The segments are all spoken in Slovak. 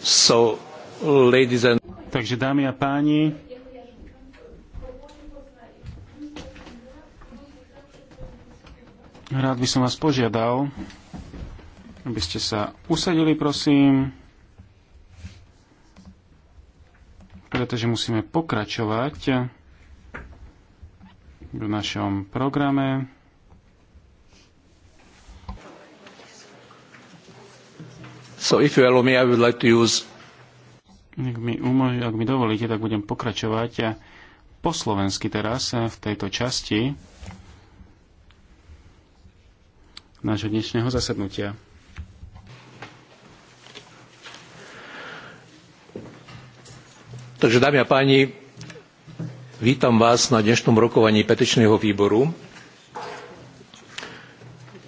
So, ladies and... Takže dámy a páni, rád by som vás požiadal, aby ste sa usadili, prosím, pretože musíme pokračovať v našom programe. So if you allow me, I would like to use... Ak mi, umož- ak mi dovolíte, tak budem pokračovať eh, po slovensky teraz eh, v tejto časti nášho dnešného zasadnutia. Takže, dámy a páni, vítam vás na dnešnom rokovaní petičného výboru.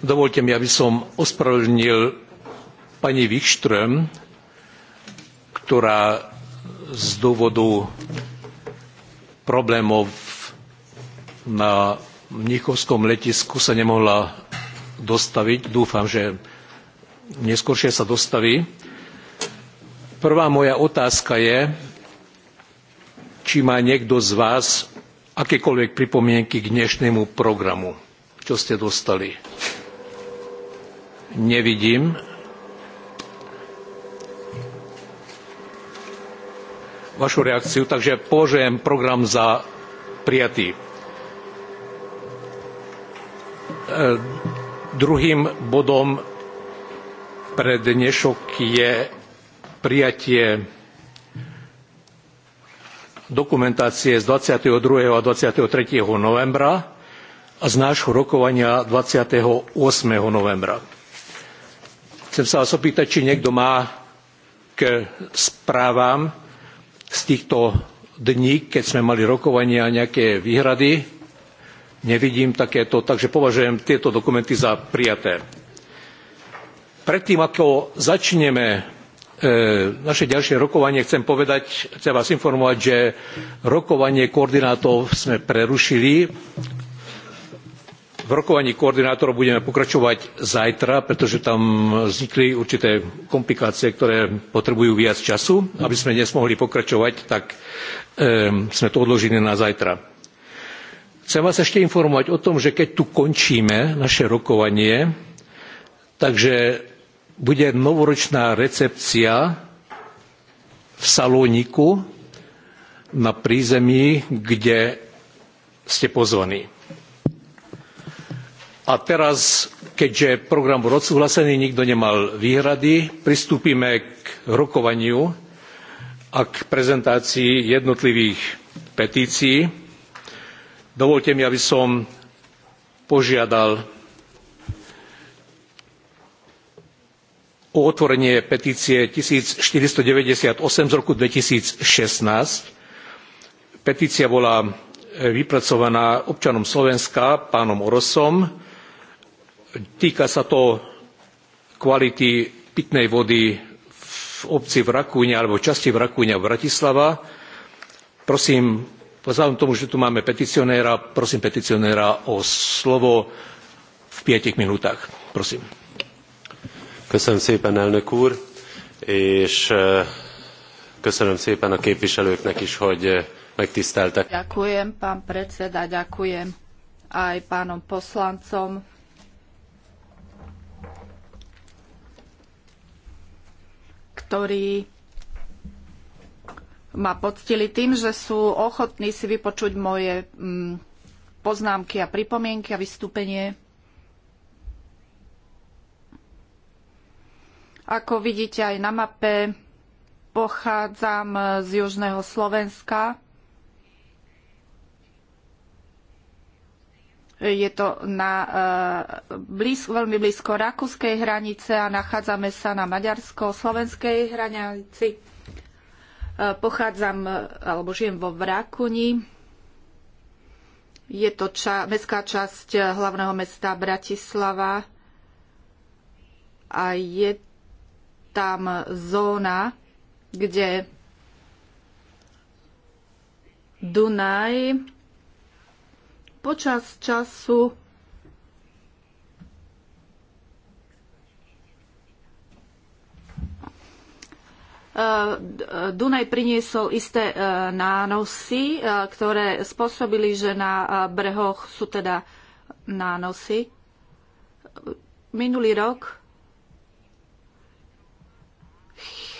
Dovolte mi, aby som ospravedlnil pani Wikström, ktorá z dôvodu problémov na Mnichovskom letisku sa nemohla dostaviť. Dúfam, že neskôršie sa dostaví. Prvá moja otázka je, či má niekto z vás akékoľvek pripomienky k dnešnému programu, čo ste dostali. Nevidím. vašu reakciu, takže považujem program za prijatý. E, druhým bodom pre dnešok je prijatie dokumentácie z 22. a 23. novembra a z nášho rokovania 28. novembra. Chcem sa vás opýtať, či niekto má k správam z týchto dní, keď sme mali rokovania nejaké výhrady. Nevidím takéto, takže považujem tieto dokumenty za prijaté. Predtým, ako začneme e, naše ďalšie rokovanie, chcem povedať, chcem vás informovať, že rokovanie koordinátov sme prerušili v rokovaní koordinátorov budeme pokračovať zajtra, pretože tam vznikli určité komplikácie, ktoré potrebujú viac času. Aby sme dnes mohli pokračovať, tak ehm, sme to odložili na zajtra. Chcem vás ešte informovať o tom, že keď tu končíme naše rokovanie, takže bude novoročná recepcia v Salóniku na prízemí, kde ste pozvaní. A teraz, keďže program bol odsúhlasený, nikto nemal výhrady, pristúpime k rokovaniu a k prezentácii jednotlivých petícií. Dovolte mi, aby som požiadal o otvorenie petície 1498 z roku 2016. Petícia bola vypracovaná občanom Slovenska, pánom Orosom, Týka sa to kvality pitnej vody v obci v Rakúne alebo v časti v Rakúne a Bratislava. Prosím, vzhľadom tomu, že tu máme peticionéra, prosím peticionéra o slovo v piatich minútach. Prosím. Köszönöm szépen, elnök úr, és e, köszönöm szépen a képviselőknek is, hogy e, megtiszteltek. Ďakujem, pán predseda, ďakujem aj pánom poslancom ktorí ma poctili tým, že sú ochotní si vypočuť moje mm, poznámky a pripomienky a vystúpenie. Ako vidíte aj na mape, pochádzam z južného Slovenska Je to na, eh, veľmi blízko rakúskej hranice a nachádzame sa na maďarsko-slovenskej hranici. Eh, pochádzam, eh, alebo žijem vo Vrakuni. Je to ča, mestská časť hlavného mesta Bratislava a je tam zóna, kde Dunaj počas času eh, Dunaj priniesol isté eh, nánosy, eh, ktoré spôsobili, že na brehoch sú teda nánosy. Minulý rok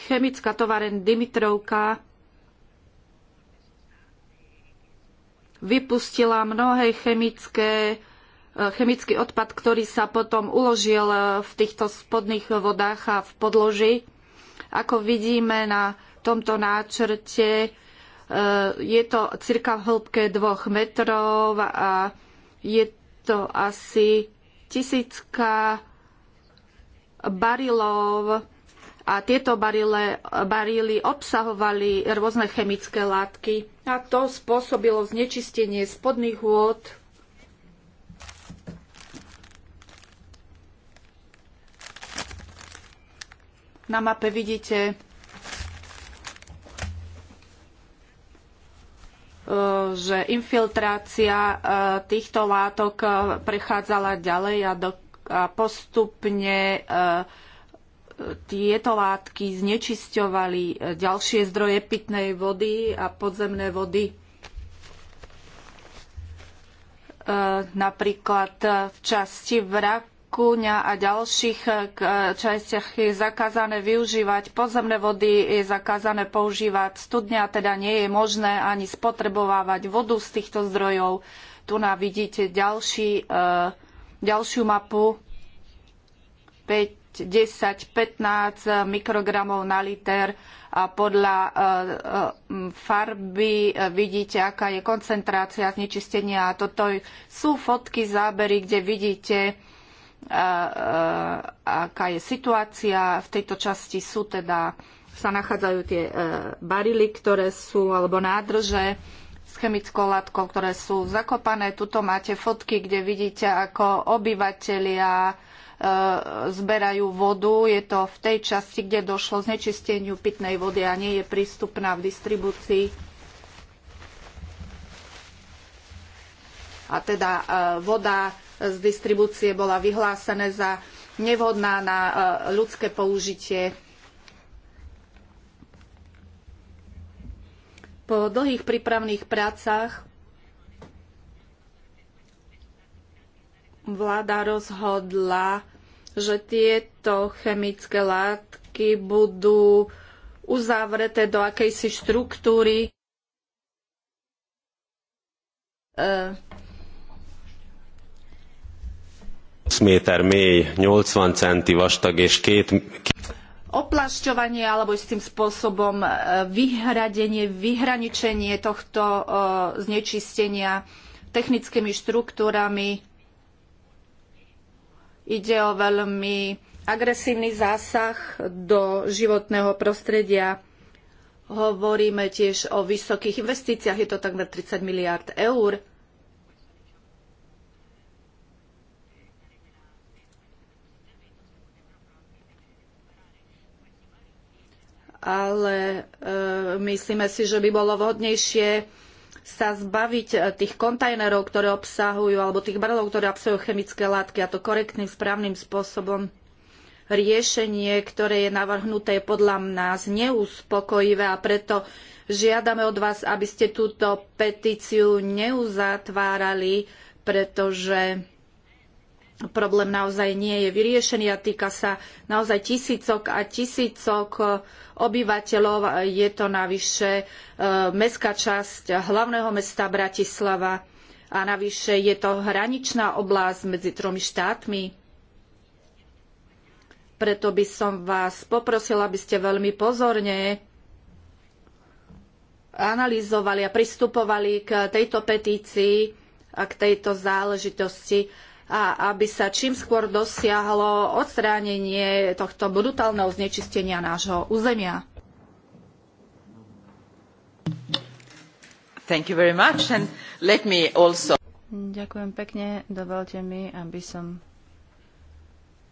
chemická továren Dimitrovka vypustila mnohé chemické, e, chemický odpad, ktorý sa potom uložil e, v týchto spodných vodách a v podloži. Ako vidíme na tomto náčrte, e, je to cirka v hĺbke 2 metrov a je to asi tisícka barilov a tieto barile, barily obsahovali rôzne chemické látky a to spôsobilo znečistenie spodných vôd. Na mape vidíte e, že infiltrácia e, týchto látok e, prechádzala ďalej a, postupne tieto látky znečisťovali e, ďalšie zdroje pitnej vody a podzemné vody. E, napríklad e, v časti Vrakuňa a ďalších častiach je zakázané využívať podzemné vody, je zakázané používať studňa, teda nie je možné ani spotrebovávať vodu z týchto zdrojov. Tu na vidíte ďalší, ďalšiu mapu 5 10, 15 mikrogramov na liter a podľa e, e, farby e, vidíte, aká je koncentrácia znečistenia. A toto sú fotky, zábery, kde vidíte, aká je situácia. V tejto časti sú teda, sa nachádzajú tie barily, ktoré sú, alebo nádrže, s chemickou látkou, ktoré sú zakopané. Tuto máte fotky, kde vidíte, ako obyvatelia E, zberajú vodu. Je to v tej časti, kde došlo znečisteniu pitnej vody a nie je prístupná v distribúcii. A teda e, voda z distribúcie bola vyhlásená za nevhodná na e, ľudské použitie. Po dlhých prípravných prácach vláda rozhodla, že tieto chemické látky budú uzavreté do akejsi štruktúry. E... méter mély, 80 centi vastag és két... Oplašťovanie alebo istým spôsobom e, vyhradenie, vyhraničenie tohto e, znečistenia technickými štruktúrami Ide o veľmi agresívny zásah do životného prostredia. Hovoríme tiež o vysokých investíciách, je to takmer 30 miliard eur. ale e, myslíme si, že by bolo vhodnejšie sa zbaviť e, tých kontajnerov, ktoré obsahujú, alebo tých barelov, ktoré obsahujú chemické látky a to korektným, správnym spôsobom. Riešenie, ktoré je navrhnuté, je podľa nás neuspokojivé a preto žiadame od vás, aby ste túto petíciu neuzatvárali, pretože problém naozaj nie je vyriešený a týka sa naozaj tisícok a tisícok e, obyvateľov. E, je to navyše e, mestská časť hlavného mesta Bratislava a navyše je to hraničná oblasť medzi tromi štátmi. Preto by som vás poprosila, aby ste veľmi pozorne analyzovali a pristupovali k tejto petícii a k tejto záležitosti a aby sa čím skôr dosiahlo odstránenie tohto brutálneho znečistenia nášho územia. Thank you very much and let me also... Ďakujem pekne. Dovolte mi, aby som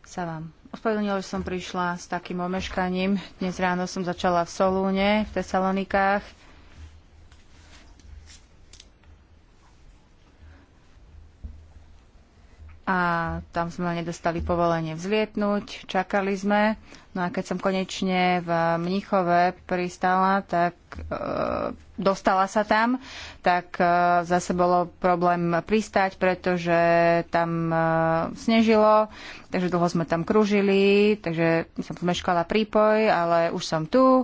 sa vám ospravedlnila, že som prišla s takým omeškaním. Dnes ráno som začala v Solúne, v Tesalonikách a tam sme nedostali povolenie vzlietnúť, čakali sme No a keď som konečne v Mnichove pristala, tak e, dostala sa tam, tak e, zase bolo problém pristať, pretože tam e, snežilo, takže dlho sme tam kružili, takže som zmeškala prípoj, ale už som tu, e,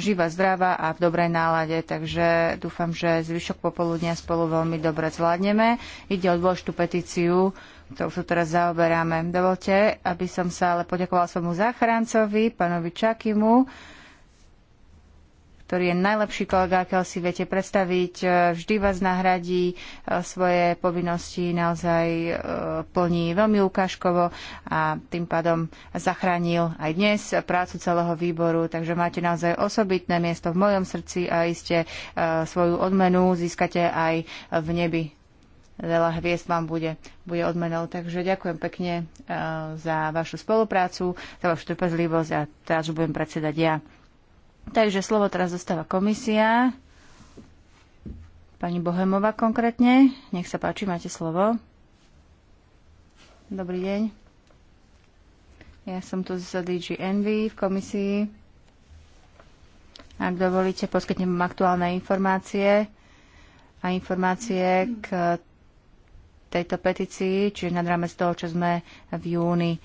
živa, zdravá a v dobrej nálade, takže dúfam, že zvyšok popoludnia spolu veľmi dobre zvládneme. Ide o dôležitú petíciu, ktorú sa teraz zaoberáme. Dovolte, aby som sa ale poďakovala svojmu záchrancovi, Ficovi, pánovi Čakimu, ktorý je najlepší kolega, akého si viete predstaviť. E, vždy vás nahradí, e, svoje povinnosti naozaj e, plní veľmi ukážkovo a tým pádom zachránil aj dnes prácu celého výboru. Takže máte naozaj osobitné miesto v mojom srdci a iste svoju odmenu získate aj v nebi veľa hviezd vám bude, bude odmenou. Takže ďakujem pekne eh, za vašu spoluprácu, za vašu trpezlivosť a teraz budem predsedať ja. Takže slovo teraz zostáva komisia. Pani Bohemová konkrétne. Nech sa páči, máte slovo. Dobrý deň. Ja som tu z DG Envy v komisii. Ak dovolíte, poskytnem vám aktuálne informácie a informácie, k tejto petícii, čiže nad rámec toho, čo sme v júni e,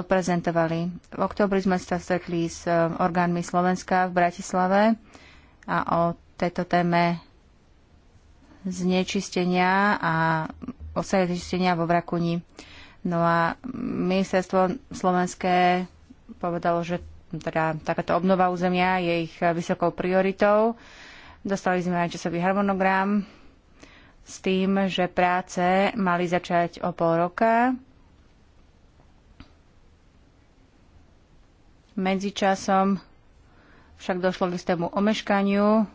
odprezentovali. V oktobri sme sa stretli s e, orgánmi Slovenska v Bratislave a o tejto téme znečistenia a osady znečistenia vo Vrakuni. No a ministerstvo slovenské povedalo, že teda takáto obnova územia je ich vysokou prioritou. Dostali sme aj časový harmonogram s tým, že práce mali začať o pol roka. Medzičasom však došlo k istému omeškaniu.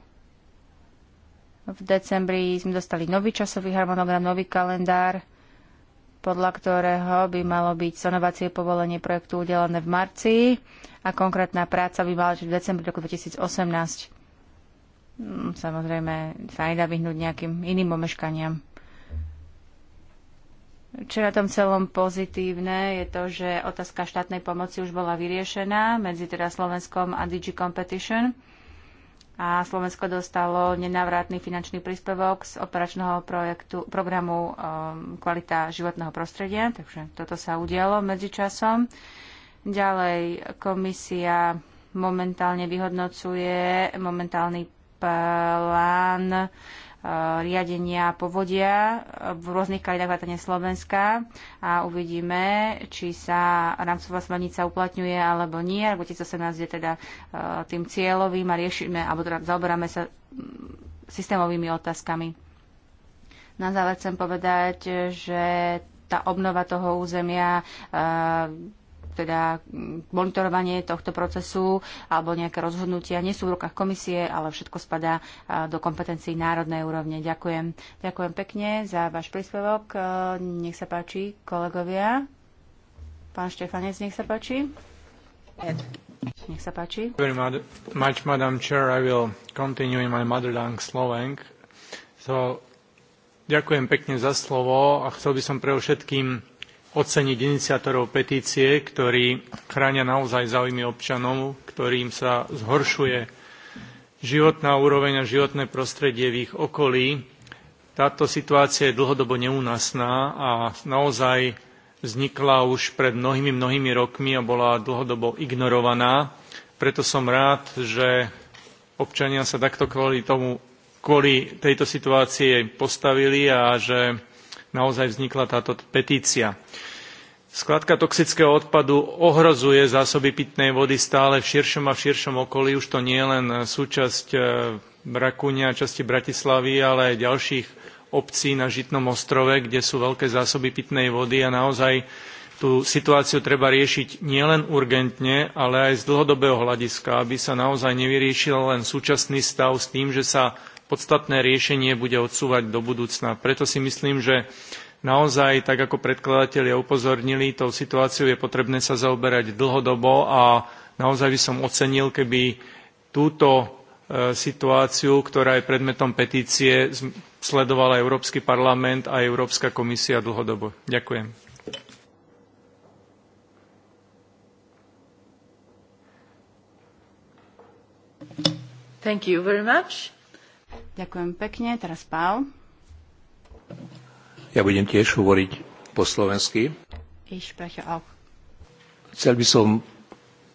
V decembri sme dostali nový časový harmonogram, nový kalendár, podľa ktorého by malo byť sanovacie povolenie projektu udelené v marci a konkrétna práca by mala byť v decembri roku 2018. Mm, samozrejme sa nedá vyhnúť nejakým iným omeškaniam. Čo je na tom celom pozitívne, je to, že otázka štátnej pomoci už bola vyriešená medzi teda Slovenskom a DG Competition a Slovensko dostalo nenávratný finančný príspevok z operačného projektu, programu um, Kvalita životného prostredia, takže toto sa udialo medzičasom. Ďalej komisia momentálne vyhodnocuje momentálny plán eh, riadenia povodia v rôznych krajinách vrátane Slovenska a uvidíme, či sa rámcová smernica uplatňuje alebo nie. Alebo 2018 je teda eh, tým cieľovým a riešime, alebo teda zaoberáme sa mm, systémovými otázkami. Na záver chcem povedať, že tá obnova toho územia eh, teda mm, monitorovanie tohto procesu alebo nejaké rozhodnutia nie sú v rukách komisie, ale všetko spadá do kompetencií národnej úrovne. Ďakujem. Ďakujem pekne za váš príspevok. E, nech sa páči, kolegovia. Pán Štefanec, nech sa páči. Nech sa páči. Very much, Madam Chair. I will continue in my mother tongue, Slovenk. So, ďakujem pekne za slovo a chcel by som pre všetkým oceniť iniciátorov petície, ktorí chránia naozaj záujmy občanov, ktorým sa zhoršuje životná úroveň a životné prostredie v ich okolí. Táto situácia je dlhodobo neúnasná a naozaj vznikla už pred mnohými, mnohými rokmi a bola dlhodobo ignorovaná. Preto som rád, že občania sa takto kvôli, tomu, kvôli tejto situácii postavili a že naozaj vznikla táto petícia. Skladka toxického odpadu ohrozuje zásoby pitnej vody stále v širšom a v širšom okolí. Už to nie je len súčasť e, a časti Bratislavy, ale aj ďalších obcí na Žitnom ostrove, kde sú veľké zásoby pitnej vody a naozaj tú situáciu treba riešiť nielen urgentne, ale aj z dlhodobého hľadiska, aby sa naozaj nevyriešil len súčasný stav s tým, že sa podstatné riešenie bude odsúvať do budúcna. Preto si myslím, že naozaj, tak ako predkladatelia upozornili, tou situáciou je potrebné sa zaoberať dlhodobo a naozaj by som ocenil, keby túto e, situáciu, ktorá je predmetom petície, sledoval aj Európsky parlament a Európska komisia dlhodobo. Ďakujem. Thank you very much. Ďakujem pekne. Teraz Pál. Ja budem tiež hovoriť po slovensky. Ich spreche auch. Chcel by som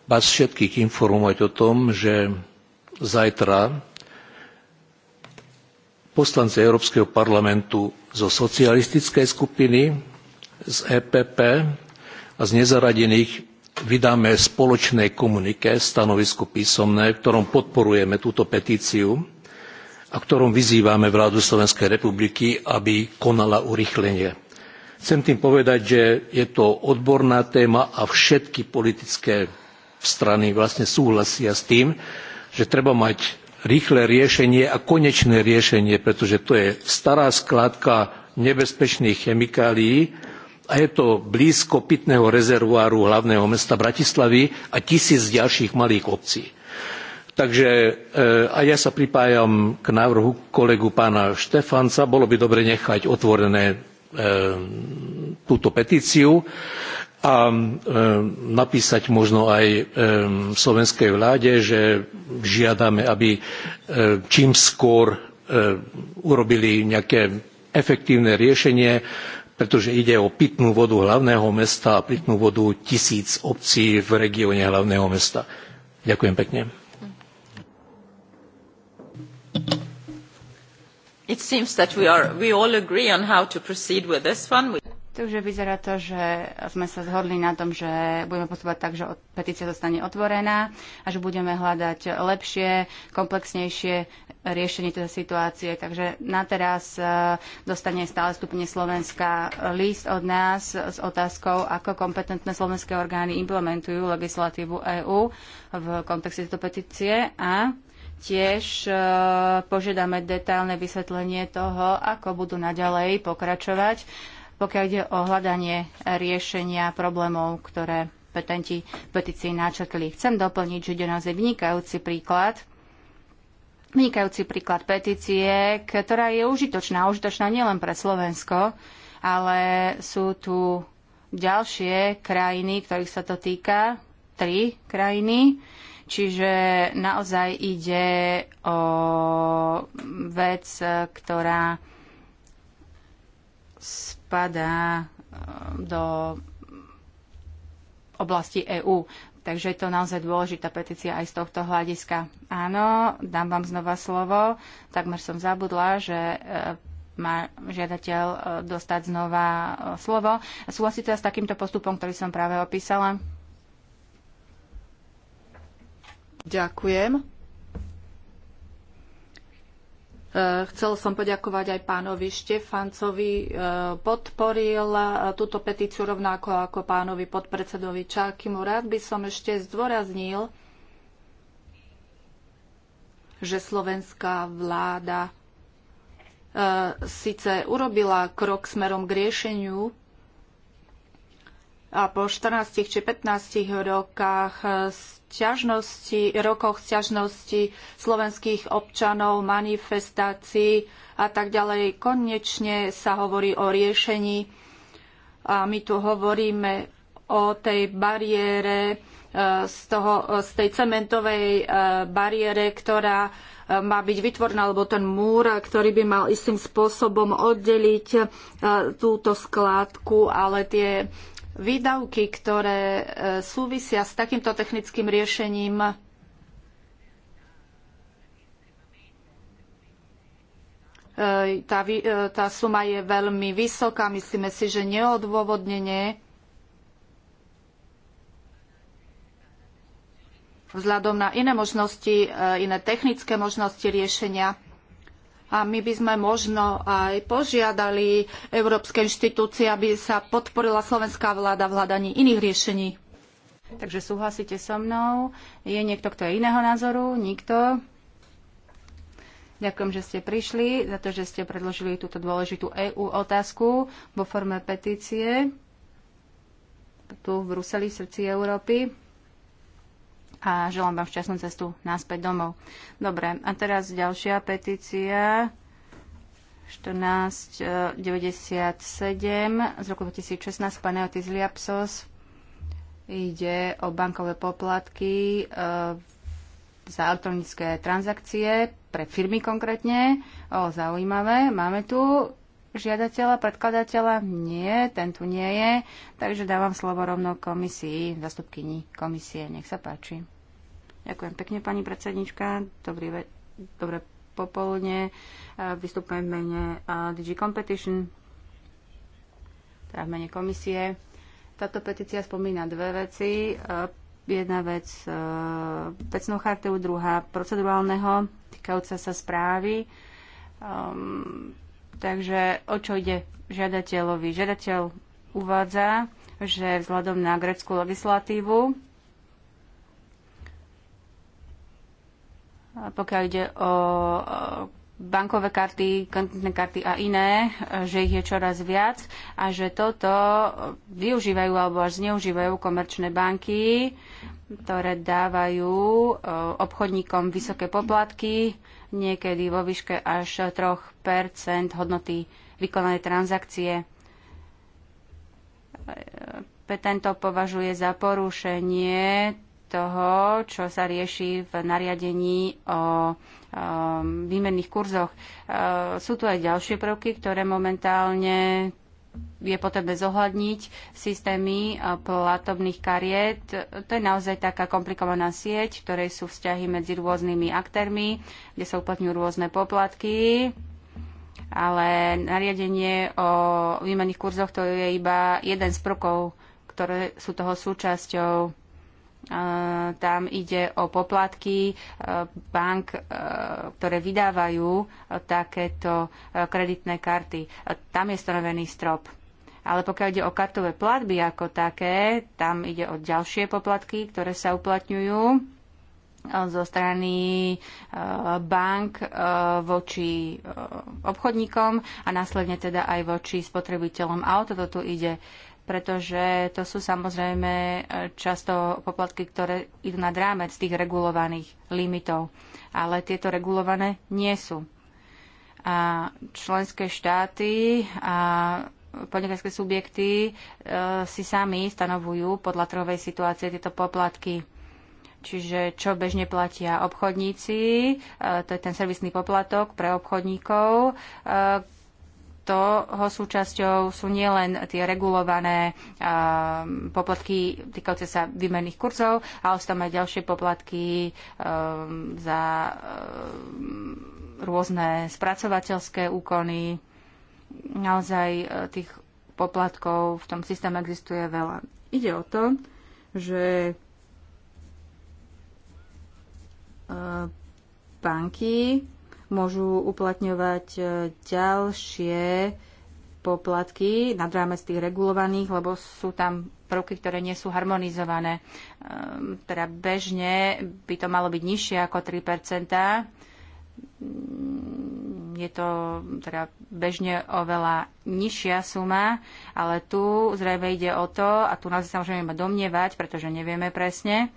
vás všetkých informovať o tom, že zajtra poslanci Európskeho parlamentu zo socialistickej skupiny, z EPP a z nezaradených vydáme spoločné komunike, stanovisko písomné, v ktorom podporujeme túto petíciu a ktorom vyzývame vládu Slovenskej republiky, aby konala urychlenie. Chcem tým povedať, že je to odborná téma a všetky politické strany vlastne súhlasia s tým, že treba mať rýchle riešenie a konečné riešenie, pretože to je stará skládka nebezpečných chemikálií a je to blízko pitného rezervoáru hlavného mesta Bratislavy a tisíc ďalších malých obcí. Takže eh, a ja sa pripájam k návrhu kolegu pána Štefanca. Bolo by dobre nechať otvorené eh, túto petíciu a eh, napísať možno aj slovenskej vláde, že žiadame, aby čím skôr urobili nejaké efektívne riešenie, pretože ide o pitnú vodu hlavného mesta a pitnú vodu tisíc obcí v regióne hlavného mesta. Ďakujem pekne. Takže vyzerá to, že sme sa zhodli na tom, že budeme postupovať tak, že petícia zostane otvorená a že budeme hľadať lepšie, komplexnejšie riešenie tejto situácie. Takže na teraz e, dostane stále stupne Slovenska list od nás s otázkou, ako kompetentné slovenské orgány implementujú legislatívu EÚ v kontexte tejto petície a Tiež e, požiadame detailné vysvetlenie toho, ako budú naďalej pokračovať, pokiaľ ide o hľadanie riešenia problémov, ktoré petenti petícii načrtli. Chcem doplniť, že ide naozaj vynikajúci príklad vynikajúci príklad petície, ktorá je užitočná. Užitočná nielen pre Slovensko, ale sú tu ďalšie krajiny, ktorých sa to týka, tri krajiny. Čiže naozaj ide o vec, ktorá spadá eh, do oblasti EÚ. Takže je to naozaj dôležitá petícia aj z tohto hľadiska. Áno, dám vám znova slovo. Takmer som zabudla, že eh, má žiadateľ eh, dostať znova slovo. Súhlasíte s takýmto postupom, ktorý som práve opísala? Ďakujem. E, chcel som poďakovať aj pánovi Štefancovi. E, podporil e, túto petíciu rovnako ako pánovi podpredsedovi Čakimu. Rád by som ešte zdôraznil, že slovenská vláda síce urobila krok smerom k riešeniu a po 14 či 15 rokách sťažnosti, rokoch sťažnosti slovenských občanov, manifestácií a tak ďalej, konečne sa hovorí o riešení. A my tu hovoríme o tej bariére, e, z, toho, z tej cementovej e, bariére, ktorá má byť vytvorná, alebo ten múr, ktorý by mal istým spôsobom oddeliť e, túto skládku, ale tie výdavky, ktoré e, súvisia s takýmto technickým riešením, e, tá, tá suma je veľmi vysoká. Myslíme si, že neodôvodnenie vzhľadom na iné možnosti, e, iné technické možnosti riešenia. A my by sme možno aj požiadali európske inštitúcie, aby sa podporila slovenská vláda v hľadaní iných riešení. Takže súhlasíte so mnou? Je niekto, kto je iného názoru? Nikto? Ďakujem, že ste prišli, za to, že ste predložili túto dôležitú EU otázku vo forme petície tu v Bruseli, v srdci Európy a želám vám šťastnú cestu náspäť domov. Dobre, a teraz ďalšia petícia 1497 eh, z roku 2016 Paneotis Liapsos. Ide o bankové poplatky e, za elektronické transakcie pre firmy konkrétne. O, zaujímavé. Máme tu žiadateľa, predkladateľa? Nie, ten tu nie je. Takže dávam slovo rovno komisii, zastupkyni komisie. Nech sa páči. Ďakujem pekne, pani predsednička. Dobrý ve- dobré popoludne. E, Vystupujem v mene e, DG Competition, teda v mene komisie. Táto petícia spomína dve veci. E, jedna vec vecnou chartu, druhá procedurálneho, týkajúca sa správy. Ehm, Takže o čo ide žiadateľovi? Žiadateľ uvádza, že vzhľadom na greckú legislatívu, pokiaľ ide o bankové karty, kontentné karty a iné, že ich je čoraz viac a že toto využívajú alebo až zneužívajú komerčné banky, ktoré dávajú e, obchodníkom vysoké poplatky, niekedy vo výške až 3 hodnoty vykonanej transakcie. E, Petento považuje za porušenie toho, čo sa rieši v nariadení o výmenných kurzoch. E, sú tu aj ďalšie prvky, ktoré momentálne je potrebné zohľadniť systémy e, platobných kariet. To je naozaj taká komplikovaná sieť, v ktorej sú vzťahy medzi rôznymi aktérmi, kde sa uplatňujú rôzne poplatky, ale nariadenie o výmenných kurzoch to je iba jeden z prvkov, ktoré sú toho súčasťou tam ide o poplatky e, bank, e, ktoré vydávajú e, takéto kreditné karty. Tam je stanovený strop. Ale pokiaľ ide o kartové platby ako také, tam ide o ďalšie poplatky, ktoré sa uplatňujú zo strany bank voči obchodníkom a následne teda aj voči spotrebiteľom. A o toto tu ide pretože to sú samozrejme eh, často poplatky, ktoré idú nad rámec tých regulovaných limitov. Ale tieto regulované nie sú. A členské štáty a podnikateľské subjekty e, si sami stanovujú podľa trhovej situácie tieto poplatky. Čiže čo bežne platia obchodníci, e, to je ten servisný poplatok pre obchodníkov, e, toho súčasťou sú nielen tie regulované poplatky týkajúce sa výmenných kurzov, ale sú tam aj ďalšie poplatky za rôzne spracovateľské úkony. Naozaj e, tých poplatkov v tom systéme existuje veľa. Ide o to, že e, banky môžu uplatňovať e, ďalšie poplatky nad rámec tých regulovaných, lebo sú tam prvky, ktoré nie sú harmonizované. E, teda bežne by to malo byť nižšie ako 3 mm, je to teda bežne oveľa nižšia suma, ale tu zrejme ide o to, a tu naozaj sa môžeme domnievať, pretože nevieme presne,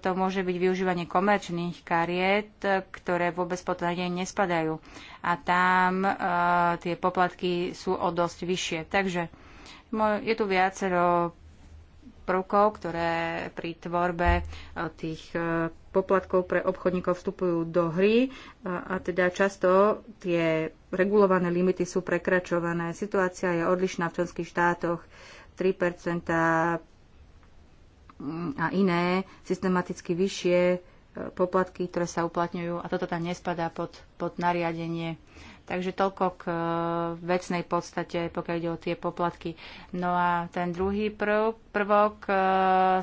to môže byť využívanie komerčných kariet, ktoré vôbec pod daň nespadajú. A tam e, tie poplatky sú o dosť vyššie. Takže je tu viacero prvkov, ktoré pri tvorbe e, tých e, poplatkov pre obchodníkov vstupujú do hry a teda často tie regulované limity sú prekračované. Situácia je odlišná v členských štátoch. 3 a iné systematicky vyššie e, poplatky, ktoré sa uplatňujú a toto tam nespadá pod, pod nariadenie. Takže toľko k e, vecnej podstate, pokiaľ ide o tie poplatky. No a ten druhý prv, prvok e,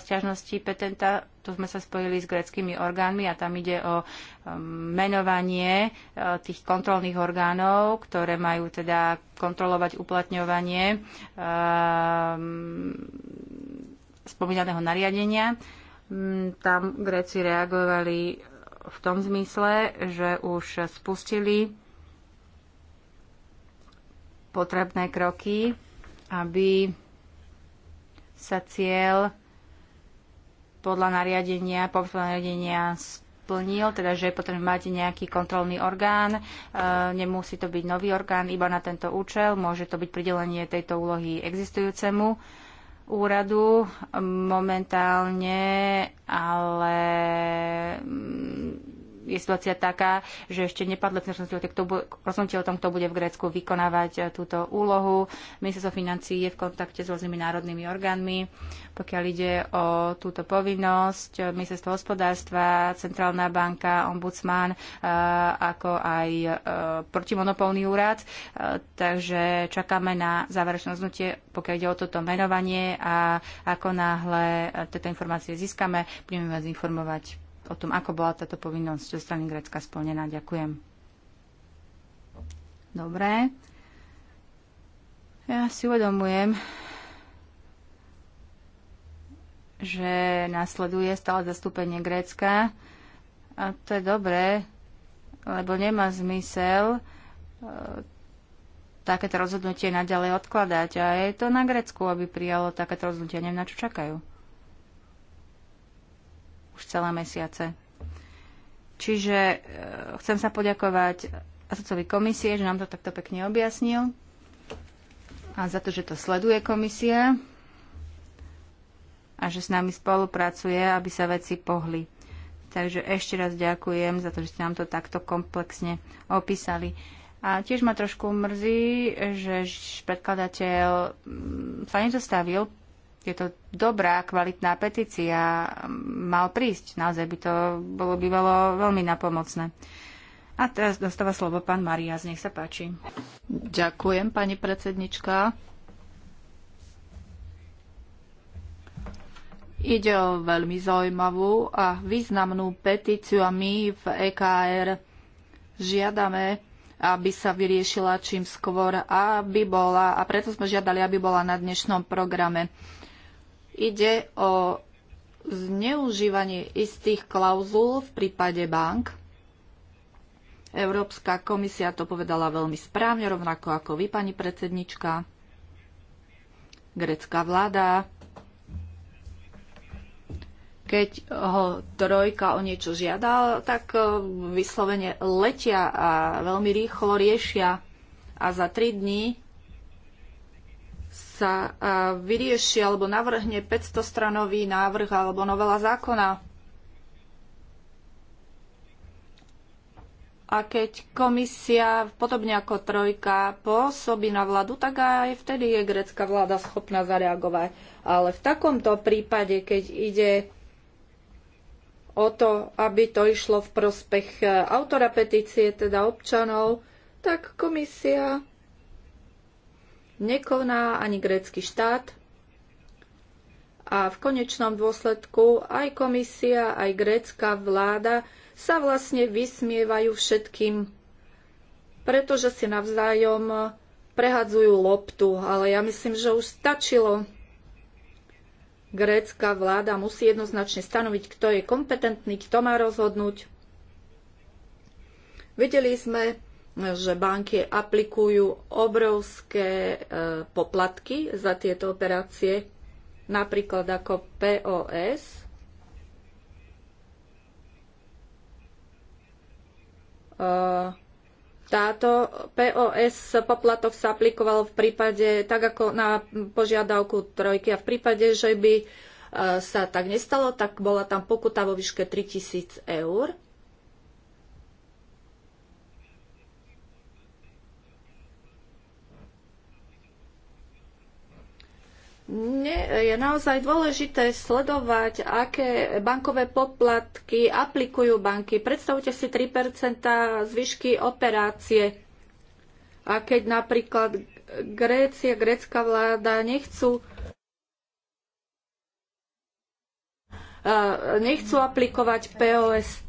sťažnosti petenta, tu sme sa spojili s greckými orgánmi a tam ide o menovanie e, tých kontrolných orgánov, ktoré majú teda kontrolovať uplatňovanie e, spomínaného nariadenia. Mm, tam Gréci reagovali v tom zmysle, že už spustili potrebné kroky, aby sa cieľ podľa nariadenia, podľa nariadenia splnil, teda že je potrebné mať nejaký kontrolný orgán, e, nemusí to byť nový orgán iba na tento účel, môže to byť pridelenie tejto úlohy existujúcemu úradu momentálne, ale mm, je situácia taká, že ešte nepadlo rozhodnutie o tom, kto bude v Grécku vykonávať e, túto úlohu. Ministerstvo financí je v kontakte s rôznymi národnými orgánmi, pokiaľ ide o túto povinnosť. E, Ministerstvo hospodárstva, Centrálna banka, ombudsman, e, ako aj protimonopolný úrad. Takže čakáme na záverečné rozhodnutie, pokiaľ ide o toto menovanie a ako náhle tieto informácie získame, budeme vás informovať o tom, ako bola táto povinnosť zo strany Grécka splnená. Ďakujem. Dobre. Ja si uvedomujem, že nasleduje stále zastúpenie Grécka. A to je dobré, lebo nemá zmysel e, takéto rozhodnutie naďalej odkladať. A je to na Grécku, aby prijalo takéto rozhodnutie. Neviem, na čo čakajú už celé mesiace. Čiže e, chcem sa poďakovať asociovi komisie, že nám to takto pekne objasnil a za to, že to sleduje komisia a že s nami spolupracuje, aby sa veci pohli. Takže ešte raz ďakujem za to, že ste nám to takto komplexne opísali. A tiež ma trošku mrzí, že predkladateľ mm, sa nezastavil je to dobrá, kvalitná petícia, mal prísť. Naozaj by to bolo bývalo veľmi napomocné. A teraz dostáva slovo pán Maria, z nech sa páči. Ďakujem, pani predsednička. Ide o veľmi zaujímavú a významnú petíciu a my v EKR žiadame, aby sa vyriešila čím skôr, aby bola, a preto sme žiadali, aby bola na dnešnom programe. Ide o zneužívanie istých klauzul v prípade bank. Európska komisia to povedala veľmi správne, rovnako ako vy, pani predsednička. Grecká vláda. Keď ho trojka o niečo žiada, tak e, vyslovene letia a veľmi rýchlo riešia. A za tri dní sa vyrieši alebo navrhne 500-stranový návrh alebo novela zákona. A keď komisia, podobne ako trojka, pôsobí na vládu, tak aj vtedy je grecká vláda schopná zareagovať. Ale v takomto prípade, keď ide o to, aby to išlo v prospech e, autora petície, teda občanov, tak komisia nekoná ani grécky štát. A v konečnom dôsledku aj komisia, aj grécka vláda sa vlastne vysmievajú všetkým, pretože si navzájom prehadzujú loptu. Ale ja myslím, že už stačilo. Grécka vláda musí jednoznačne stanoviť, kto je kompetentný, kto má rozhodnúť. Videli sme že banky aplikujú obrovské e, poplatky za tieto operácie, napríklad ako POS, e, táto POS poplatok sa aplikoval v prípade, tak ako na požiadavku trojky a v prípade, že by e, sa tak nestalo, tak bola tam pokuta vo výške 3000 eur. je naozaj dôležité sledovať, aké bankové poplatky aplikujú banky. Predstavte si 3 zvyšky operácie. A keď napríklad Grécia, grécka vláda nechcú nechcú aplikovať POS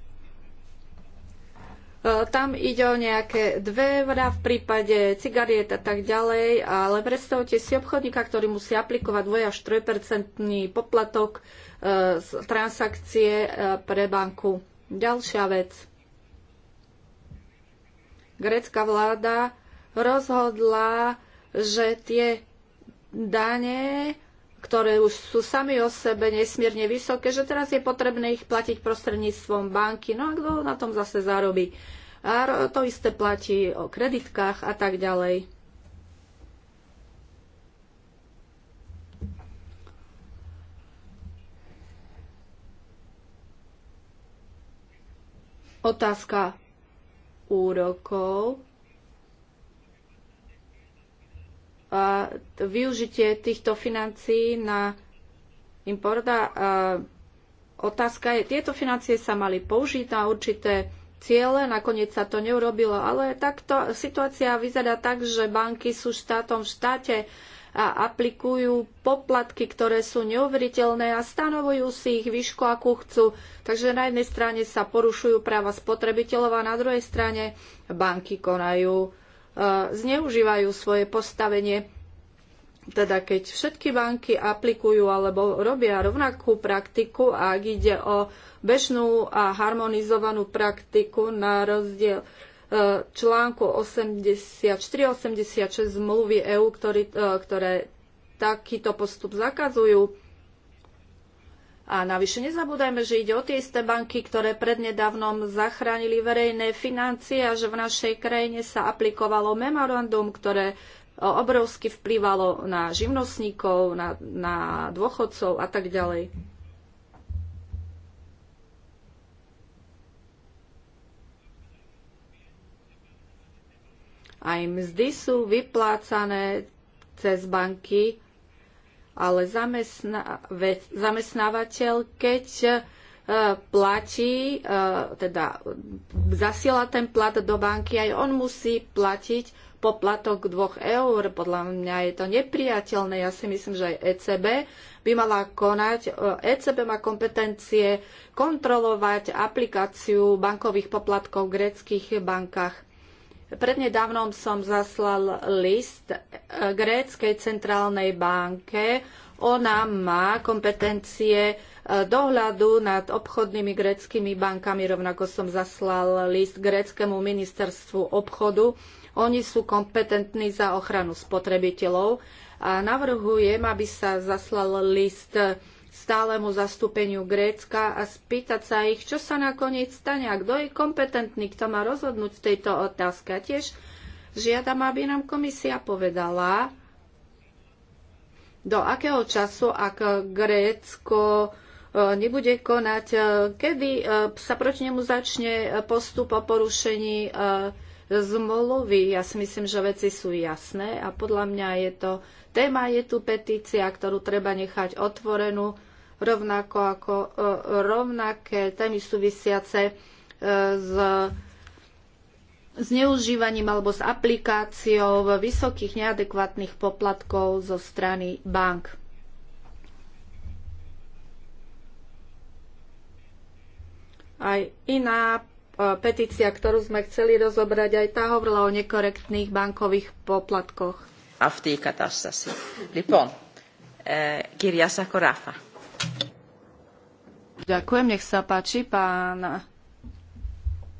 E, tam ide o nejaké dve eurá v prípade cigariet a tak ďalej, ale predstavte si obchodníka, ktorý musí aplikovať 2 až 3 poplatok e, z transakcie e, pre banku. Ďalšia vec. Grécka vláda rozhodla, že tie dane ktoré už sú sami o sebe nesmierne vysoké, že teraz je potrebné ich platiť prostredníctvom banky. No a kto na tom zase zarobí? A to isté platí o kreditkách a tak ďalej. Otázka úrokov využitie týchto financií na import a otázka je, tieto financie sa mali použiť na určité ciele, nakoniec sa to neurobilo, ale takto situácia vyzerá tak, že banky sú štátom v štáte a aplikujú poplatky, ktoré sú neuveriteľné a stanovujú si ich výšku, akú chcú. Takže na jednej strane sa porušujú práva spotrebiteľov a na druhej strane banky konajú zneužívajú svoje postavenie. Teda keď všetky banky aplikujú alebo robia rovnakú praktiku a ak ide o bežnú a harmonizovanú praktiku na rozdiel e, článku 84-86 zmluvy EÚ, e, ktoré takýto postup zakazujú, a navyše nezabúdajme, že ide o tie isté banky, ktoré prednedávnom zachránili verejné financie a že v našej krajine sa aplikovalo memorandum, ktoré obrovsky vplyvalo na živnostníkov, na, na dôchodcov a tak ďalej. Aj mzdy sú vyplácané cez banky ale zamestnávateľ, keď e, platí, e, teda zasiela ten plat do banky, aj on musí platiť poplatok 2 eur. Podľa mňa je to nepriateľné. Ja si myslím, že aj ECB by mala konať. ECB e má kompetencie kontrolovať aplikáciu bankových poplatkov v greckých bankách. Prednedávnom som zaslal list e, Gréckej centrálnej banke. Ona má kompetencie e, dohľadu nad obchodnými gréckými bankami. Rovnako som zaslal list Gréckému ministerstvu obchodu. Oni sú kompetentní za ochranu spotrebiteľov a navrhujem, aby sa zaslal list stálemu zastúpeniu Grécka a spýtať sa ich, čo sa nakoniec stane a kto je kompetentný, kto má rozhodnúť v tejto otázke. A tiež žiadam, aby nám komisia povedala, do akého času, ak Grécko e, nebude konať, e, kedy e, sa proti nemu začne postup o porušení zmluvy. Ja si myslím, že veci sú jasné a podľa mňa je to téma, je tu petícia, ktorú treba nechať otvorenú rovnako ako e, rovnaké témy súvisiace e, s zneužívaním alebo s aplikáciou vysokých neadekvátnych poplatkov zo strany bank. Aj iná e, petícia, ktorú sme chceli rozobrať, aj tá hovorila o nekorektných bankových poplatkoch. Αυτή η κατάσταση. Λοιπόν, ε, κυρία Σακοράφα. Ďakujem, nech sa páči, pán,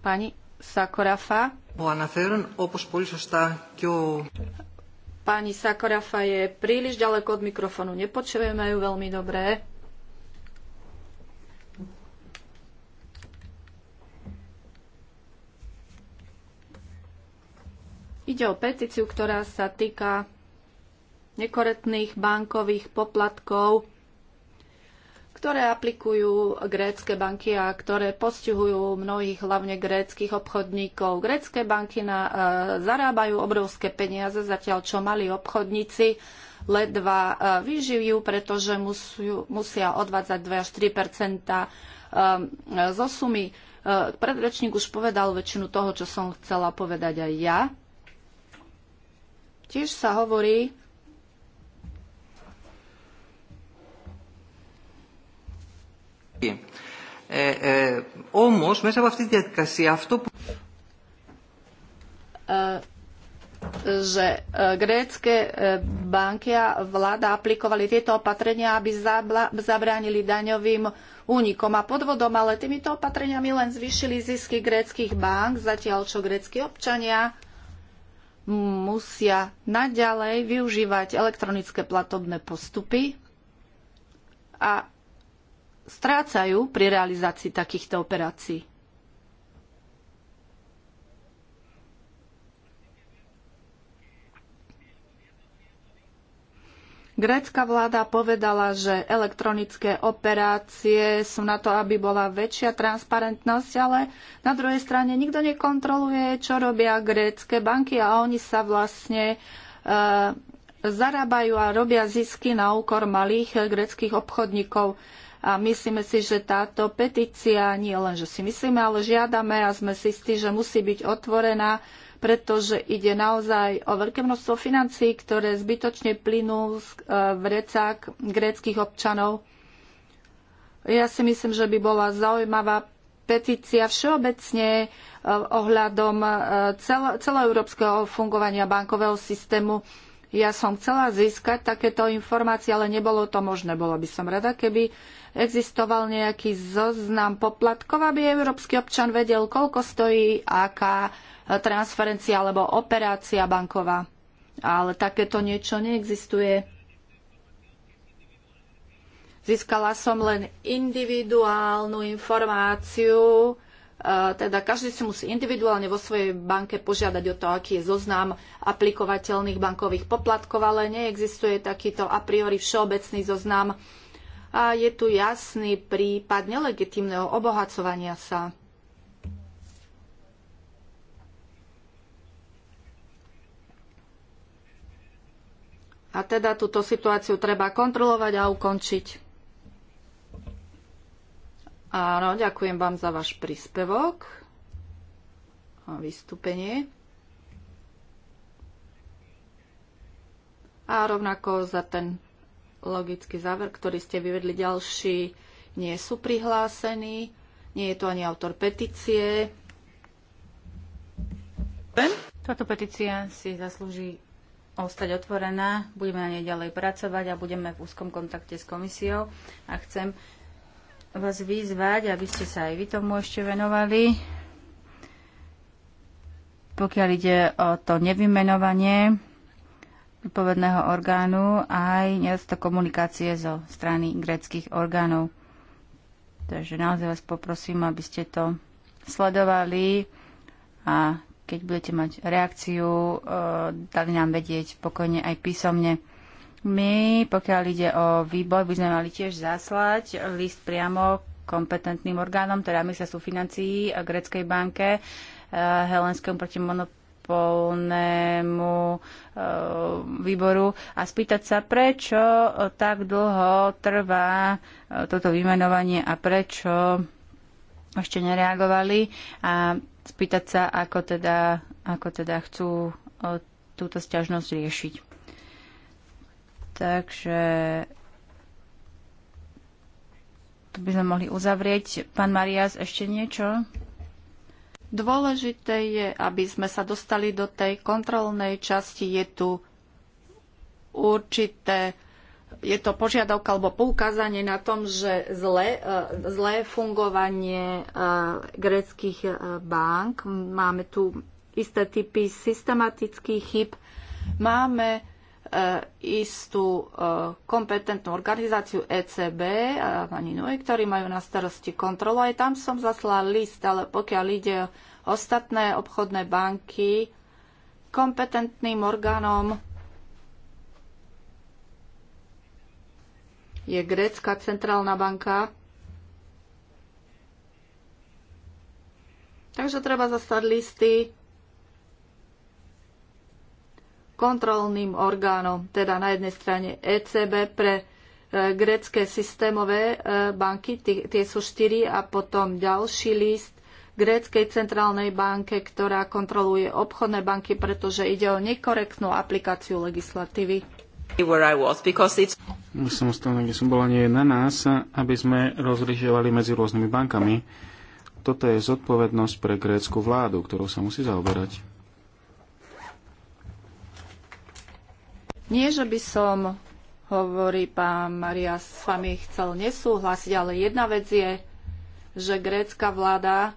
pani Sakorafa. Pani Sakorafa je príliš ďaleko od mikrofónu, nepočujeme ju veľmi dobre. Ide o petíciu, ktorá sa týka nekorektných bankových poplatkov ktoré aplikujú grécké banky a ktoré postihujú mnohých, hlavne gréckých obchodníkov. Grécké banky na, e, zarábajú obrovské peniaze, zatiaľ čo mali obchodníci ledva e, vyživujú, pretože musia, musia odvádzať 2 až 3 e, zo sumy. E, predrečník už povedal väčšinu toho, čo som chcela povedať aj ja. Tiež sa hovorí, Ε, ε, όμως, μέσα από αυτή τη διαδικασία αυτό που... že grécké banky a vláda aplikovali tieto opatrenia, aby zabránili daňovým únikom a podvodom, ale týmito opatreniami len zvýšili zisky gréckých bank, zatiaľ čo gréckí občania musia naďalej využívať elektronické platobné postupy a strácajú pri realizácii takýchto operácií. Grécka vláda povedala, že elektronické operácie sú na to, aby bola väčšia transparentnosť, ale na druhej strane nikto nekontroluje, čo robia grécke banky a oni sa vlastne e, zarábajú a robia zisky na úkor malých gréckých obchodníkov. A myslíme si, že táto petícia nie len, že si myslíme, ale žiadame a sme si istí, že musí byť otvorená, pretože ide naozaj o veľké množstvo financií, ktoré zbytočne plynú e, v recák gréckých občanov. Ja si myslím, že by bola zaujímavá petícia všeobecne e, ohľadom e, celoeurópskeho fungovania bankového systému ja som chcela získať takéto informácie, ale nebolo to možné. Bolo by som rada, keby existoval nejaký zoznam poplatkov, aby európsky občan vedel, koľko stojí aká transferencia alebo operácia banková. Ale takéto niečo neexistuje. Získala som len individuálnu informáciu E, teda každý si musí individuálne vo svojej banke požiadať o to, aký je zoznam aplikovateľných bankových poplatkov, ale neexistuje takýto a priori všeobecný zoznam. A je tu jasný prípad nelegitímneho obohacovania sa. A teda túto situáciu treba kontrolovať a ukončiť. Áno, ďakujem vám za váš príspevok a vystúpenie. A rovnako za ten logický záver, ktorý ste vyvedli ďalší, nie sú prihlásení, nie je to ani autor petície. Táto petícia si zaslúži ostať otvorená, budeme na nej ďalej pracovať a budeme v úzkom kontakte s komisiou a chcem vás vyzvať, aby ste sa aj vy tomu ešte venovali. Pokiaľ ide o to nevymenovanie odpovedného orgánu aj to komunikácie zo strany greckých orgánov. Takže naozaj vás poprosím, aby ste to sledovali a keď budete mať reakciu, e, dali nám vedieť pokojne aj písomne. My, pokiaľ ide o výbor, by sme mali tiež zaslať list priamo kompetentným orgánom, teda my sa sú financií, Greckej banke, eh, Helenskému e, výboru a spýtať sa, prečo tak dlho trvá eh, toto vymenovanie a prečo ešte nereagovali a spýtať sa, ako teda, ako teda chcú túto sťažnosť riešiť. Takže tu by sme mohli uzavrieť. Pán Marias, ešte niečo? Dôležité je, aby sme sa dostali do tej kontrolnej časti. Je tu určité je to požiadavka alebo poukázanie na tom, že zlé, e, zlé fungovanie e, greckých e, bank, máme tu isté typy systematických chyb, máme E, istú e, kompetentnú organizáciu ECB e, pani Nui, ktorí majú na starosti kontrolu. Aj tam som zaslal list, ale pokiaľ ide o ostatné obchodné banky, kompetentným orgánom je Grécka centrálna banka. Takže treba zaslať listy kontrolným orgánom, teda na jednej strane ECB pre e, grecké systémové e, banky, tie sú štyri, a potom ďalší list Gréckej centrálnej banke, ktorá kontroluje obchodné banky, pretože ide o nekorektnú aplikáciu legislatívy. Už som kde som bola, nie je na nás, aby sme rozlišovali medzi rôznymi bankami. Toto je zodpovednosť pre grécku vládu, ktorou sa musí zaoberať. Nie, že by som, hovorí pán Maria, s vami chcel nesúhlasiť, ale jedna vec je, že grécka vláda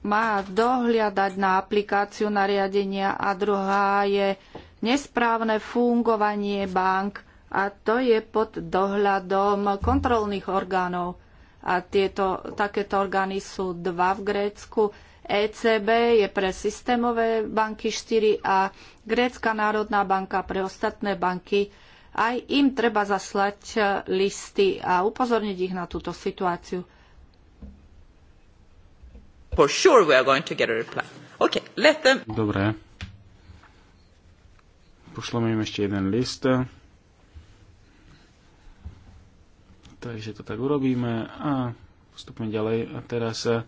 má dohliadať na aplikáciu nariadenia a druhá je nesprávne fungovanie bank a to je pod dohľadom kontrolných orgánov. A tieto, takéto orgány sú dva v Grécku. ECB je pre systémové banky 4 a Grécka národná banka pre ostatné banky. Aj im treba zaslať e, listy a upozorniť ich na túto situáciu. Sure okay, them... Dobre. Pošleme im ešte jeden list. Takže to tak urobíme a postupne ďalej. A teraz e,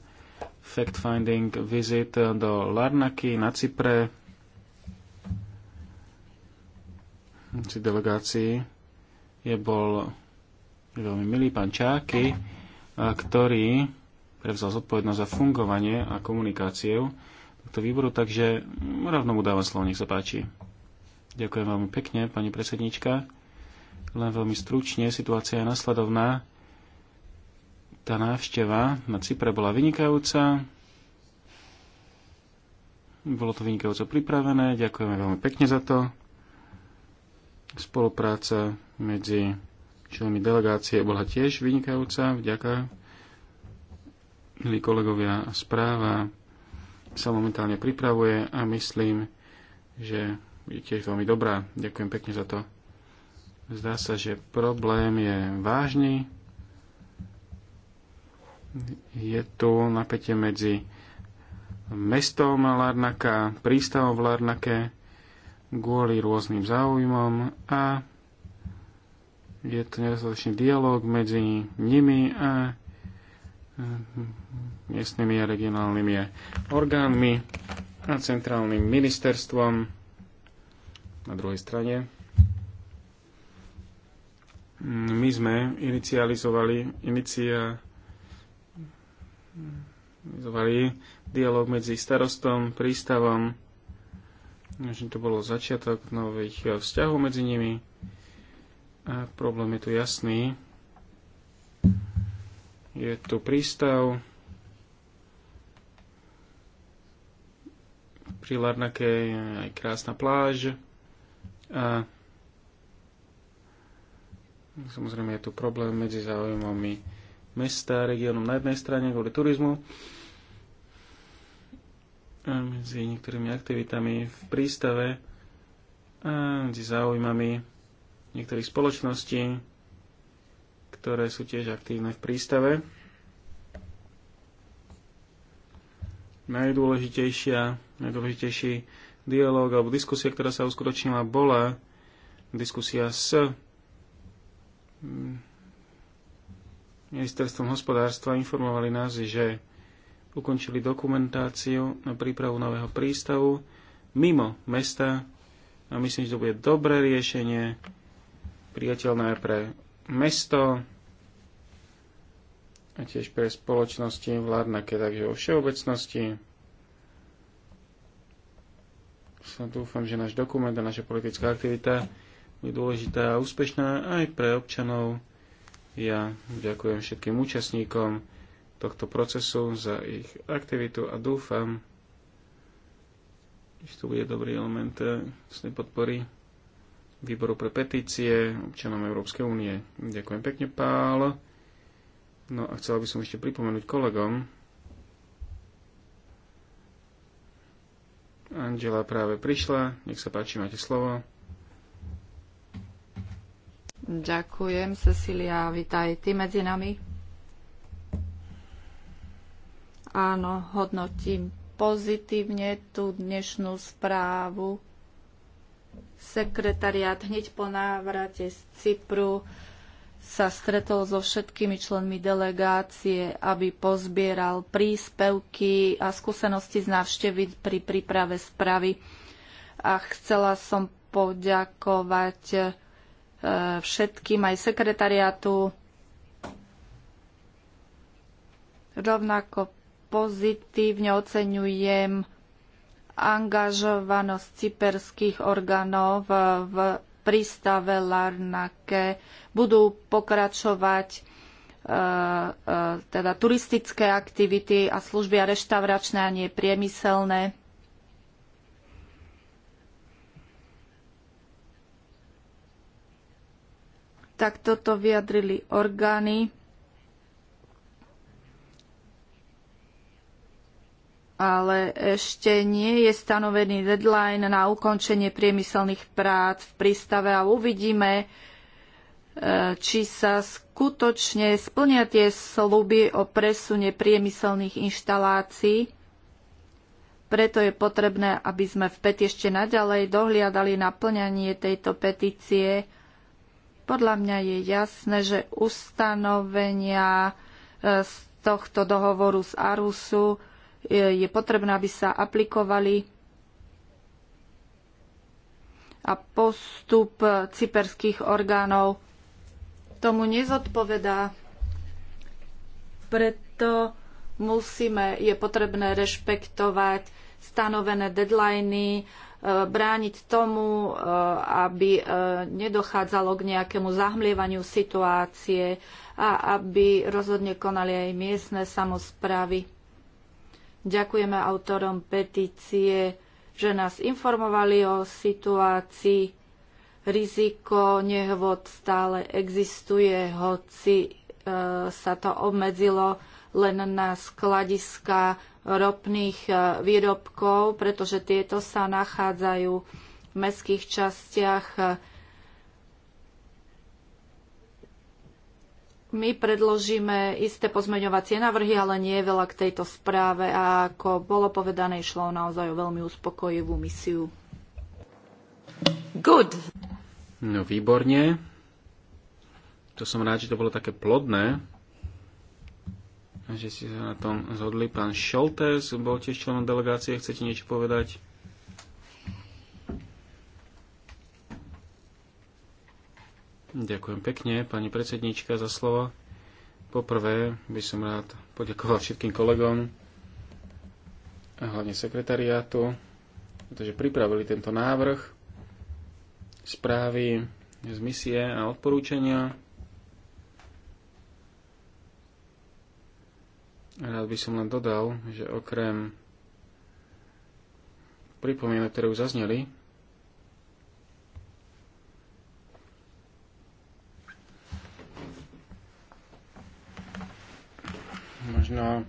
fact-finding visit do Larnaky na Cypre či delegácii je bol veľmi milý pán Čáky, ktorý prevzal zodpovednosť za fungovanie a komunikáciu tohto výboru, takže rovno mu dávam slovo, nech sa páči. Ďakujem veľmi pekne, pani predsednička. Len veľmi stručne, situácia je nasledovná. Tá návšteva na Cypre bola vynikajúca. Bolo to vynikajúco pripravené. Ďakujeme veľmi pekne za to. Spolupráca medzi členmi delegácie bola tiež vynikajúca. Vďaka, milí kolegovia, správa sa momentálne pripravuje a myslím, že je tiež veľmi dobrá. Ďakujem pekne za to. Zdá sa, že problém je vážny je tu napätie medzi mestom Larnaka, prístavom v Larnake, kvôli rôznym záujmom a je to nedostatočný dialog medzi nimi a e, miestnymi a regionálnymi orgánmi a centrálnym ministerstvom na druhej strane. Mm, my sme inicializovali inicia zvali dialog medzi starostom, prístavom, že to bolo začiatok nových eh, vzťahov medzi nimi a problém je tu jasný. Je tu prístav pri Larnake je aj krásna pláž a samozrejme je tu problém medzi záujmami mesta regiónom na jednej strane kvôli turizmu a medzi niektorými aktivitami v prístave a medzi záujmami niektorých spoločností, ktoré sú tiež aktívne v prístave. Najdôležitejšia, najdôležitejší dialog alebo diskusia, ktorá sa uskutočnila, bola diskusia s ministerstvom hospodárstva informovali nás, že ukončili dokumentáciu na prípravu nového prístavu mimo mesta a myslím, že to bude dobré riešenie, priateľné pre mesto a tiež pre spoločnosti vládnaké, takže vo všeobecnosti sa dúfam, že náš dokument a naša politická aktivita bude dôležitá a úspešná aj pre občanov ja ďakujem všetkým účastníkom tohto procesu za ich aktivitu a dúfam, že tu bude dobrý element eh, vlastnej podpory výboru pre petície občanom Európskej únie. Ďakujem pekne, Pál. No a chcela by som ešte pripomenúť kolegom, Angela práve prišla, nech sa páči, máte slovo. Ďakujem, Cecília vitaj ty medzi nami. Áno, hodnotím pozitívne tú dnešnú správu. Sekretariát hneď po návrate z Cypru sa stretol so všetkými členmi delegácie, aby pozbieral príspevky a skúsenosti z návštevy pri príprave správy. A chcela som poďakovať všetkým, aj sekretariátu. Rovnako pozitívne oceňujem angažovanosť cyperských orgánov v prístave Larnake. Budú pokračovať e, e, teda turistické aktivity a služby a reštauračné a nie priemyselné. tak toto vyjadrili orgány. ale ešte nie je stanovený deadline na ukončenie priemyselných prác v prístave a uvidíme, e, či sa skutočne splnia tie sluby o presune priemyselných inštalácií. Preto je potrebné, aby sme v PET ešte naďalej dohliadali na plňanie tejto petície podľa mňa je jasné, že ustanovenia e, z tohto dohovoru z Arusu e, je potrebné, aby sa aplikovali a postup e, cyperských orgánov tomu nezodpovedá. Preto musíme, je potrebné rešpektovať stanovené deadliny, brániť tomu, eh, aby eh, nedochádzalo k nejakému zahmlievaniu situácie a aby rozhodne konali aj miestne samozprávy. Ďakujeme autorom petície, že nás informovali o situácii. Riziko nehvod stále existuje, hoci eh, sa to obmedzilo len na skladiska ropných e, výrobkov, pretože tieto sa nachádzajú v mestských častiach. E, My predložíme isté pozmeňovacie návrhy, ale nie je veľa k tejto správe a ako bolo povedané, išlo naozaj o veľmi uspokojivú misiu. Good. No výborne. To som rád, že to bolo také plodné že si sa na tom zhodli. Pán Šoltes bol tiež členom delegácie. Chcete niečo povedať? Ďakujem pekne, pani predsednička, za slovo. Poprvé by som rád poďakoval všetkým kolegom a hlavne sekretariátu, pretože pripravili tento návrh správy z misie a odporúčania. Rád by som len dodal, že okrem pripomienok, ktoré už zazneli, možno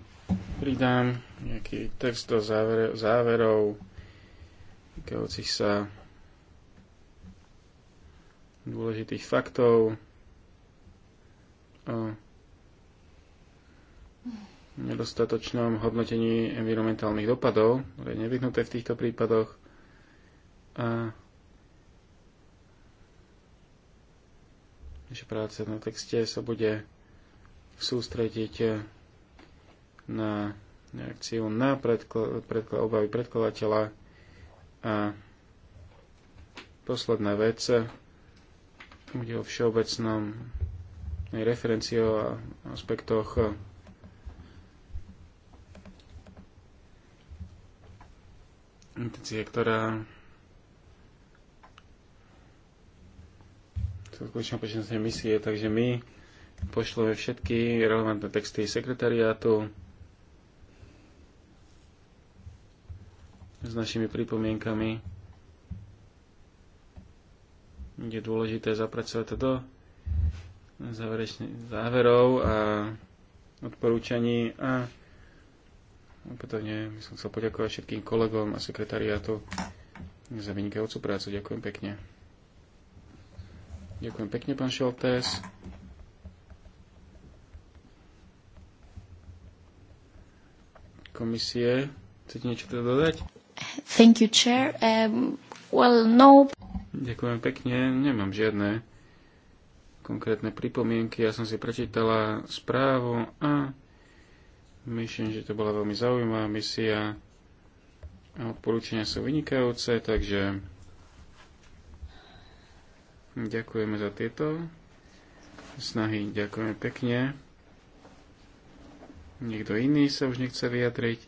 pridám nejaký text do záver, záverov týkajúcich sa dôležitých faktov o nedostatočnom hodnotení environmentálnych dopadov, ktoré je nevyhnuté v týchto prípadoch. A naša práca na texte sa bude sústrediť na reakciu na predkl- predkl- obavy predkladateľa a posledná vec bude o všeobecnom referencii o aspektoch intencie, ktorá to skutočne bezpečnostné misie, takže my pošleme všetky relevantné texty sekretariátu s našimi pripomienkami. Je dôležité zapracovať to do záverov a odporúčaní a Opätovne by som chcel poďakovať všetkým kolegom a sekretariátu za vynikajúcu prácu. Ďakujem pekne. Ďakujem pekne, pán Šoltés. Komisie, chcete niečo teda dodať? Thank you, chair. Um, well, no. Ďakujem pekne. Nemám žiadne konkrétne pripomienky. Ja som si prečítala správu a Myslím, že to bola veľmi zaujímavá misia a odporúčania sú vynikajúce, takže ďakujeme za tieto snahy, ďakujeme pekne. Niekto iný sa už nechce vyjadriť,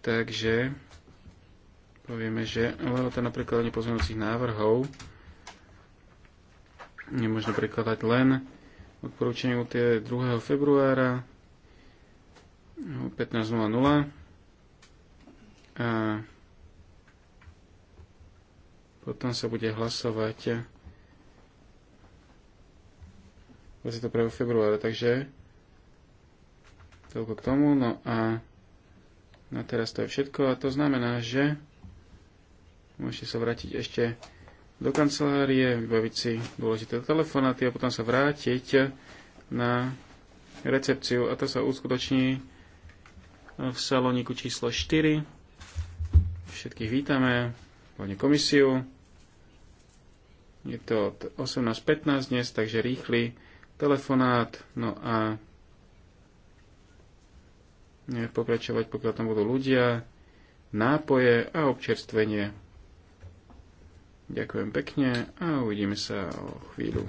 takže povieme, že lehota na prekladanie pozmeňujúcich návrhov nemôžno prekladať len odporúčanie od 2. februára 15.00 no, a potom sa bude hlasovať 21. Eh, vlastne februára, takže toľko k tomu. No a na no teraz to je všetko a to znamená, že môžete sa vrátiť ešte do kancelárie, vybaviť si dôležité telefonáty a potom sa vrátiť na recepciu a to sa uskutoční v saloniku číslo 4. Všetkých vítame, hlavne komisiu. Je to 18.15 dnes, takže rýchly telefonát. No a pokračovať, pokiaľ tam budú ľudia, nápoje a občerstvenie. Ďakujem pekne a uvidíme sa o chvíľu.